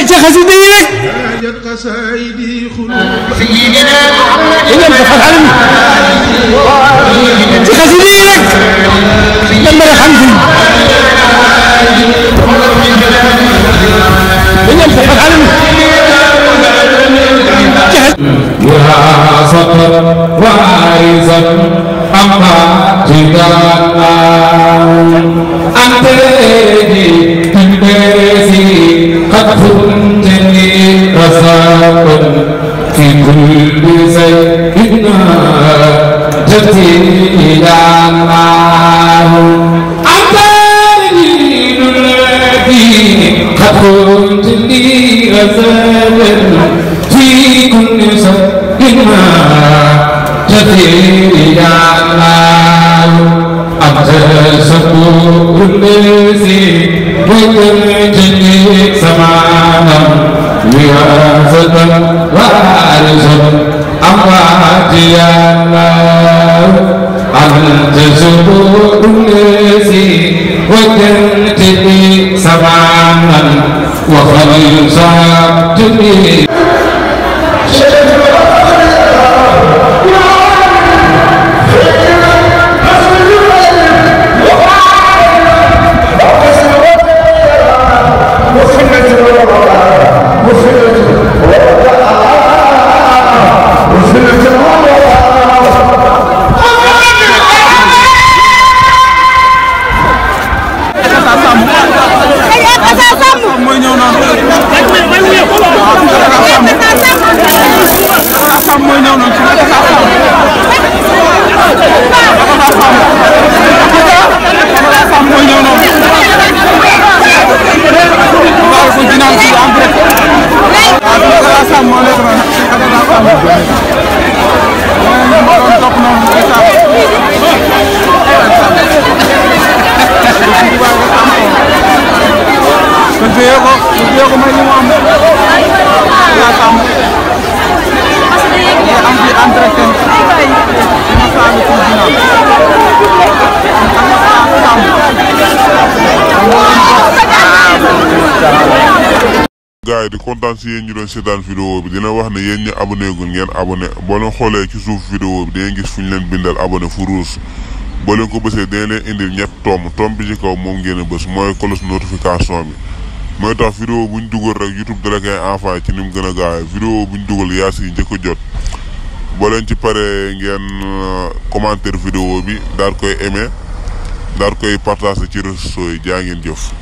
جخس ديك جدك سيدي خلوق سيدنا محمد جخس ديك لما الحمد وها سطر وعارضا أما جدار كنتني رفاقا في كل فك ناجتي إلى معه أنت الدين الذي قد كنت لي غزالا في كل فك ناجتي إلى معه سبعاً وخميساً تبيه mooy ñëw naan téye ko mu téye ko may li mu am gaay di kontaan si yéen ñu doon seetaan vidéo bi dina wax ne yéen ñu abonné ngeen abonné boo xoolee ci suuf vidéo bi dangeen gis fu ñu leen bindal abonné fu ruus boo ko bësee dina leen indil ñett tomb tomb bi ci kaw moom ngeen a mooy cloche notification bi mooy tax vidéo bu ñu dugal rek YouTube dala koy envoyé ci ni mu gën a gaawee vidéo bu dugal yaa si njëkk a jot boo leen ci paree ngeen euh, commentaire vidéo bi daal koy aimé daal koy partagé ci réseaux yi jaa ngeen jëf.